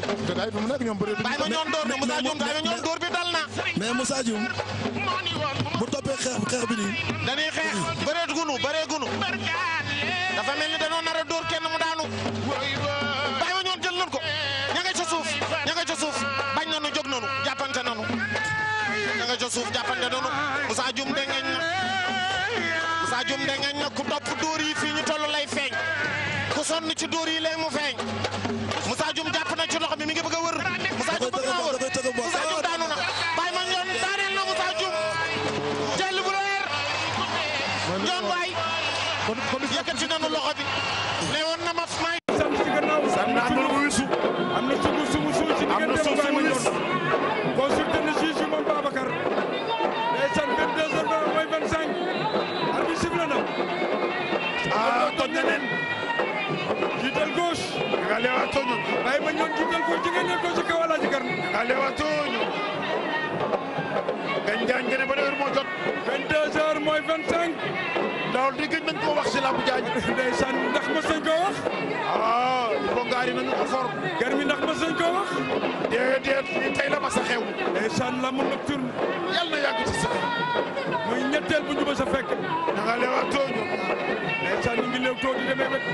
te daay fi mu nekk ñoom bëri na. bàyyi ma ñoom door bi dal na. mais Moussa Dioum bu toppee xeex xeex bi nii. dañuy xeex bëree gunu bëree gunu dafa mel ni dañoo nar a door kenn mu daanu. bàyyi ma ñoom jël nañ ko ña nga suuf ña nga ca suuf bañ nañu jóg nañu jàppante nañu. ña nga ca suuf jàppante nañu Moussa Dioum dengeñ na Moussa Dioum dengeñ na ku topp dóor yi fii ñu toll lay feeñ ku sonn ci dóor yi lay mu feeñ. jàpp na ci loxo bi mi ngi bëgg a wër Moussa Diouf bëgg naa wër Moussa Diouf daanu na Baye Mandione yoon daaneel na Moussa Diouf jël bu leer Ndione waay yëkkati nañu loxo bi ne woon na ma may sam ci gannaaw sam na am na wisu am na sugu sugu sugu ci diggante bu Baye Mandione consulté na juge yi moom Babacar ndeysaan 22h20 mooy 25 arbitre sifflé na ah toj na leen jiital gauche nga leewaat toñu ñoon jugal ko jigéen ñoon ko ci kaw alaaji gar ale wato ñu gañ jaañ gën a ba heure moo jot vingt deux heures mooy vingt cinq loolu di gëj nañ koo wax si làmb jaañ ndeysaan ndax ma sëñ koo wax ah ko gaari nañu ko for gar ndax ma sëñ koo wax déedéet fii tey la ma sa xew ndeysaan la mu nocturne yàlla yàgg ci sax muy ñetteel bu ñu ma sa fekk da nga leewaatoo ñu ndeysaan ñu ngi leew too di demee rek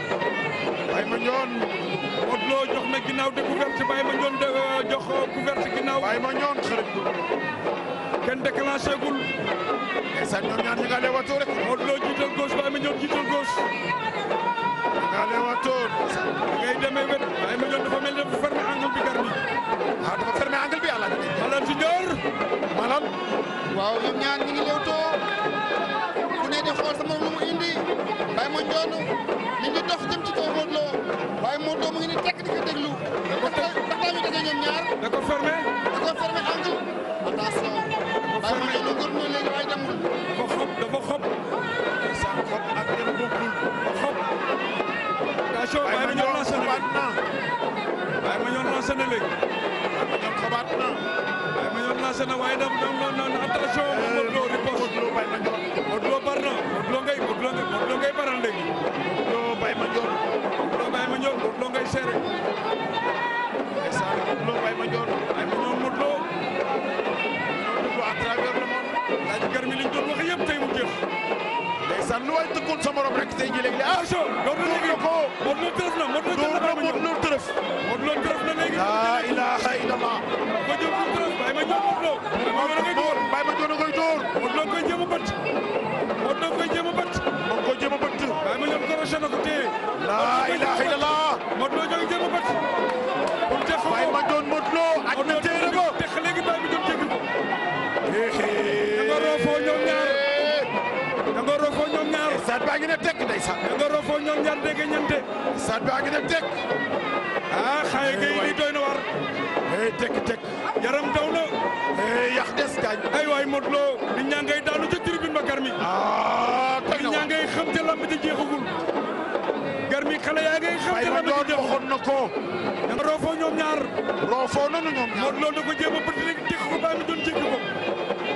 waaye ma ñoon Modou Lo jox na ginnaaw de couverte Baye Mandione de euh, jox euh, couverte ginnaaw. Baye Mandione xarit bu kenn déclenché gul. ndeysaan ñoom ñaar ñi nga leewatoo rek. Modou Lo jiital gauche Baye Mandione jiital gauche. nga leewatoo. ngay demee wet Baye Mandione dafa mel ne dafa fermé angle bi gar bi. waaw ah, dafa fermé angle bi àll bi. Malal ci ñor. Malal. waaw ñoom ñaar ñi ngi leewtoo. ku ne di xool sama lu mu indi. Baye Mandione mi ngi dox jëm ci kaw Modou Lo. waaye moo doomu ngi ni tekk di ko déglu. da ko tëj ba tey ñu daje ñoom ñaar. da ko fermé. da ko da ko fermé waaye góor mooy léegi waaye demul. dafa xob dafa xob. sa xob ak yéen bokkul. dafa xob. attention ma ñor lancé na léegi. waaye ma na léegi. ma ñor lancé na waaye dem attention Modou Lo léegi Modou Lo tërëf na Modou Lo jël na bàyyi ma ñëw Modou Lo tërëf na léegi. laa ilaaha illallah. ma jëm fu mu tërëf bàyyi ma ñëw Modou Lo. bàyyi ma jox na koy dóor. Modou Lo koy jéem a bët. Modou Lo koy jéem a bët. moom koy jéem a bët. bàyyi ma ñëw crochet na ko téye. laa ilaaha illallah. Modou Lo koy jéem a bët. pour def ko bàyyi ma doon Modou Lo. ak na téere ko tex léegi bàyyi ma doon dégg ko. da nga roofoo ñoom ñaar. da nga roofoo ñoom ñaar. saat baa ngi ne tekk ndeysaan ñoom ñaar dégg ñante stade baa ngi def tek ah xaye gay ni doy na war hey tek tek daw na yax des gaañ ay waay Modou Lo nit ñaa ngay daanu ba garmi ah nit ñaa xam te lamb ji jeexagul garmi xale yaa ngay xam te lamb ji jeexagul waxoon na ko ñoom roofoo ñoom ñaar roofoo nanu a baa mi doon jéggi ko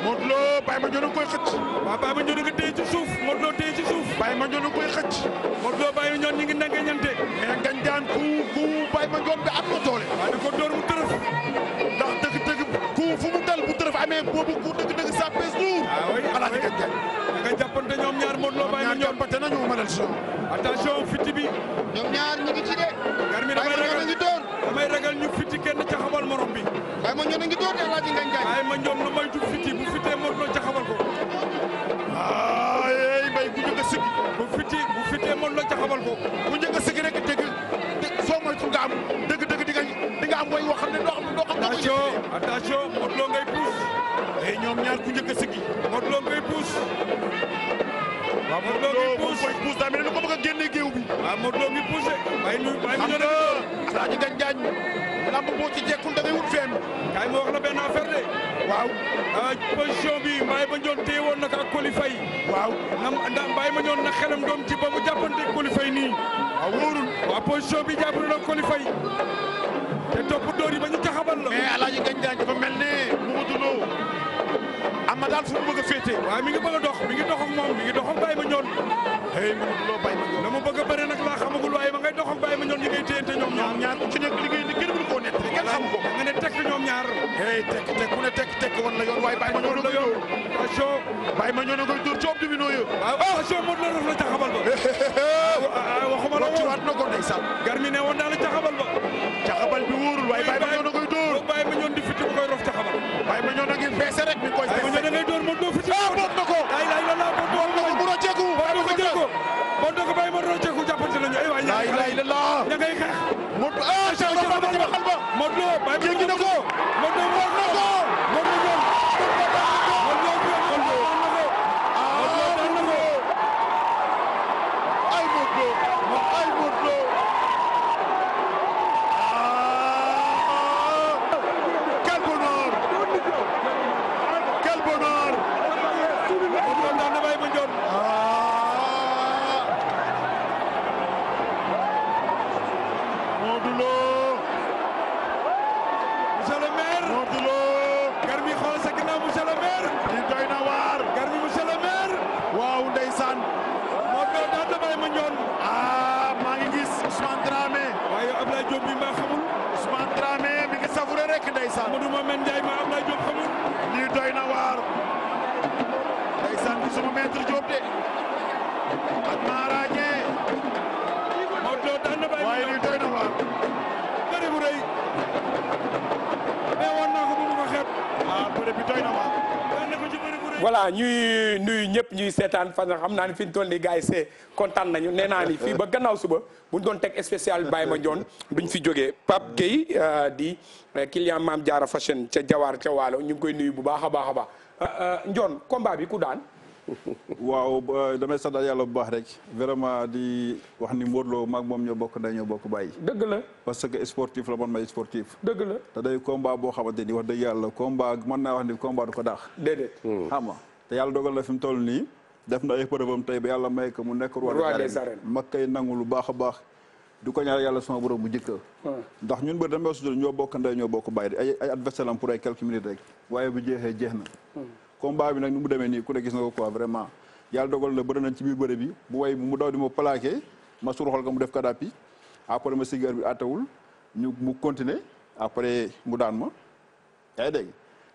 Modou Lo Baye Mandione nga koy xëcc. waaw Baye Mandione nga téye ci suuf Modou Lo téye ci suuf. Baye Mandione nga koy xëcc. Modou Lo Baye Mandione ñu ngi nange ñante. mais Gandiane ku ku Baye Mandione da am na doole. waaw da ko door mu tërëf. ndax dëgg-dëgg ku fu mu dal bu tërëf amee boobu ku dëgg-dëgg ah ah Lo Baye Mandione. ñoom ñaar jàppante si. attention fiti bi. ñoom ñaar ñu ngi ci de. Baye ragal ñu fiti kenn ca xamal morom bi. Baye Mandione ngi door de Alaaji Gandiane. Baye Mandione xamal ko bu njëkk a sëgg rek dégg soo moytu nga am dëgg dëgg di nga di nga am way wax ne doo xam ne doo xam. attention attention Modou Lo ngay puus. et eh, ñoom ñaar ku njëkk a sëgg. Modou Lo ngay puus. waaw Modou Lo ngay puus waaw puus daa mel ni ko bëgg a génnee géew bi. waaw Modou Lo ngi puus de. waaye ñu waaye ñu doon rek. alaaji gañ gaañ lamb boo ci jekkul da ngay wut fenn. kaay ma wax la benn affaire de. waaw ah, position bi Mbaye Mandione téye woon na ko ak Coly Faye waaw na Mbaye Mandione na xelam doom ci ba mu jàppante Coly Faye nii waaw ah, wóorul waaw position bi jàpp na Coly Faye te topp dóor yi ba ñu taxabal la mais Alaaji Gañ Jaañ dafa mel ne mu ma dunoo daal fu mu bëgg a féete waaw mi ngi bëgg a dox mi ngi dox ak moom mi ngi dox ak Mbaye Mandione hey mu ma dunoo Mbaye Mandione la mu bëgg a bëre nag laa xamagul waaye ma ngay dox ak Mbaye Mandione ñi ngay téye ñoom ñaar ñaar ci nekk liggéey ñaar hey tek tek ku ne tek tek wan la yoon waaye bàyyi ma ñëw na ko yow Pacho bàyyi ma ñëw na ko dóor coob du minoo yow ah, waaw ah, Pacho mot la def la caxabal ba ah, waxuma la ci waat na ko ndeysaan garmi ne woon daal la caxabal ba caxabal bi wóorul waaye bàyyi ma ñëw na koy dóor bàyyi ma ñëw di fiti bu koy rof caxabal bàyyi ma ñëw na ngi feese rek mi koy feese bàyyi ma ñëw na ngay dóor mot na fiti mot na ko nekk ndeysaan Amadou Mohamed Ndiaye ma Abdoulaye Diop xamul lii doy na waar ndeysaan gisuma maître voilà ñuy nuyu ñëpp ñuy seetaan fan xam naa ni fi ñu toll nii gars yi see kontaan nañu nee naa ni fii ba gannaaw suba bu ñu doon teg spécial Baye Mandione duñ fi jógee Pape Gueye euh, di euh, client maam Diarra Fashion ca Jawaar ca Waalo ñu ngi koy nuyu bu baax a baax a baax euh, Ndione combat bi ku daan. waaw damay sant yàlla bu baax rek vraiment di wax ni Modou Lo maag moom ñoo bokk nday ñoo bokk bàyyi dëgg la parce que sportif la man may sportif dëgg la te day combat boo xamante ni wax dëgg yàlla combat mën naa wax ni combat du ko daax déedéet hmm. xam nga te yàlla dogal na fi mu toll nii def na ay preuve am tey ba yàlla may ko mu nekk roi des arènes mag kay nangu lu baax a baax ko ñaar yàlla sama borom bu njëkka hmm. ndax ñun bëri damay sutul ñoo bokk nday ñoo bokk bàyyi ay ay adversaire am pour ay quelques minutes rek waaye bu jeexee jeex na hmm. combat bi nag ni mu demee nii ku ne gis na ko vraiment yàlla dogal na bëri nañ ci biir bëri bi mu way mu daw di ma plaqué ma suruxal ko mu def kadapi après ma siggar bi attawul ñu mu continuer après mu daan ma yaa ngi dégg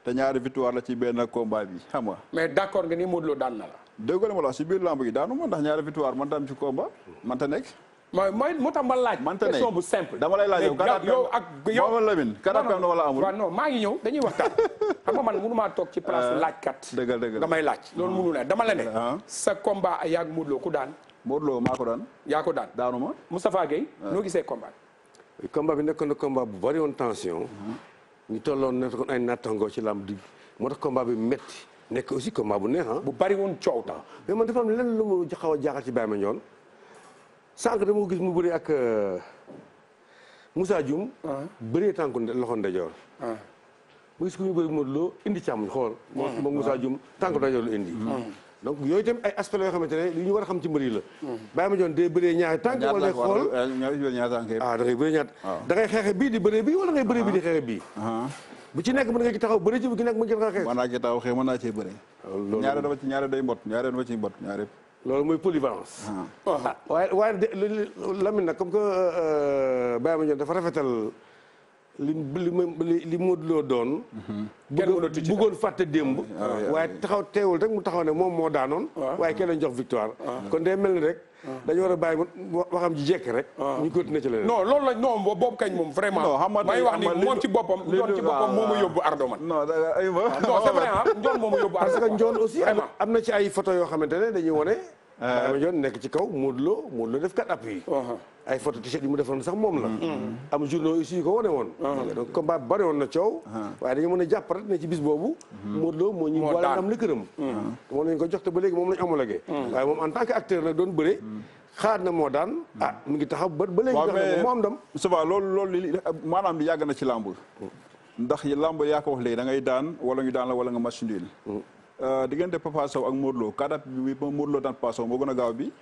te ñaari victoire la ci benn combat bi xam nga. mais d' accord nga ni Modou Lo daan na la. dégg la si biir lamb gi daanu ma ndax ñaari victoire man tam ci combat man ta nekk. mooy mooy moo tax ma laaj. question bu simple. dama lay laaj yow ak yow Mamadou Lamine. karaat wala amul waaw non maa ngi ñëw dañuy waxtaan. xam nga man ci place euh, laajkat. dëgg la dëgg la laaj. loolu ah. mënu ne dama la ne. Ah. sa combat yaa ngi Modou Lo daan. Modou Lo maa ko daan. yaa ko daanu ma. Moustapha Gueye. Ah. noo gisee combat bi. combat bi nekkoon na combat bu bari woon tension. Mm-hmm. ñu tolloon nekkoon ay nattangoo ci làmb di moo tax combat bi metti nekk aussi combat bu neex bu bari woon coow tam. mais man dafa am lenn lu mu xaw a jaaxal ci Baye Mandione sànq dama ko gis mu bëri ak euh, Moussa Dioum. bëree tànku loxo ndajoor. mu gis ku ñu bëri Modou Lo indi càmmoñ xool. moom Moussa Dioum tànku ndajoor lu indi. donc yooyu itam ay aspect la yoo xamante ne li ñu war a xam ci mbër yi la. bàyyi ma joon day bëree ñaari tànk wala day xool euh, ah da ngay bëree ñaar xeexe bii di bëree bii wala ngay bëree bii di ah. xeexe bii. Uh-huh. bu ci nekk mën nga ci taxaw bëree ci bu ci nekk mën nga ci taxaw xeex. mën naa ci taxaw xeex mën naa cee bëree. loolu ñaare dafa ci ñaare day mbot ñaare dafa ci mbot ñaare. loolu mooy polyvalence. Ah. waaw waaye waaye Lamine nag comme que euh, euh, Baye Mandione dafa rafetal. li li li Modou Lo doon. bëggoon fàtte démb. Ah, ah, waaye taxaw teewul rek mu taxaw ne moom moo daanoon. Ah, waaye kenn lañ jox victoire. kon day mel ni rek. dañu war a bàyyi waxam ji jekk rek. ñu na ci leneen. non loolu la non boobu kañ moom vraiment. may wax ni moom ci boppam. njoon ci boppam moo ma yóbbu Ardo man. non c'est vrai ah njoon moo ma yóbbu njoon aussi am na ci ay foto yoo xamante ne dañuy wone Ama Dione nekk ci kaw Modou Lo Modou Lo def uh-huh. ay foto t-shirt yi mu defoon sax moom la uh-huh. am journaux aussi ko wane woon uh-huh. donc combat bari na coow waaye dañu mën a jàpp rek ne ci bis boobu Modou Lo moo ñu boole am la këram moom lañ ko jox te ba moom lañ homologué waaye en tant que acteur nag doon bëre na moo daan ah, mu ngi taxaw ba ba dam souvent loolu loolu maanaam li yàgg na ci làmb ndax làmb yaa ko wax léegi ngay daan wala ñu daan wala nga match nul Euh, diggante Papa Sow ak Modou Lo kadap bi ba Modou Lo daan Papa Sow moo gën a gaaw bi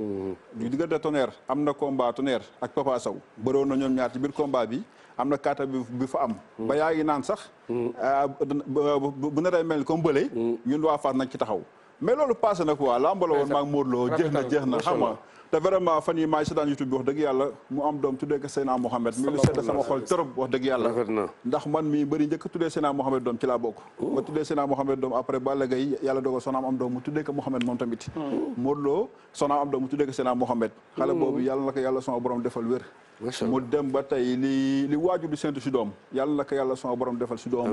mm-hmm. du diggante Tonnerre am na combat Tonnerre ak Papa Sow bëroon na ñoom ñaar biir combat bi am na kaata bi fa am mm-hmm. ba yaa ngi naan sax mm-hmm. euh, bu na day mel comme bële ñun waa Fass nañ ci taxaw mais loolu passé na quoi làmb la woon maa ngi Modou Lo jeex na jeex na xam nga te vraiment fan yi maa ngi seetaan bi wax dëgg yàlla mu am doom tuddee ko Seyna Mohamed doom ci laa bokk ba tuddee Seyna Mohamed doom après Balla Gaye yàlla dogal sonaam am doom mu tuddee ko Mohamed moom tamit hmm. Modou Lo am doom mu tuddee ko Seyna Mohamed xale hmm. boobu yàlla na ko yàlla sama borom defal wér mu dem ba tey li li waajur di séntu si doom yàlla na ko yàlla sama borom defal si doom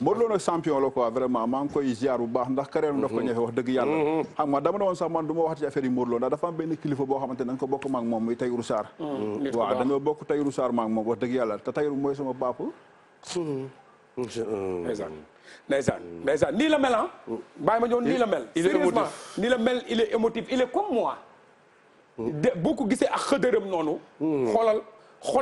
Modou Lo nag champion la quoi vraiment maa koy ziar bu baax ndax carrière daf ko mhm. ñëfe wax dëgg yàlla mhm. xam nga dama ne sax man du ma waxati ci affaire ndax dafa benn kilifa boo xamante nañ ko bokk maag moom muy Tayru Sarr mhm. waaw dañoo bokk Tayru Sarr maag moom wax dëgg yàlla te Tayru mooy sama bapp euh, nii la mel ah mm. bàyyi ma ñëw nii la mel sérieusement nii la mel il boo ko gisee ak xëdëram noonu hmm. xoolal xol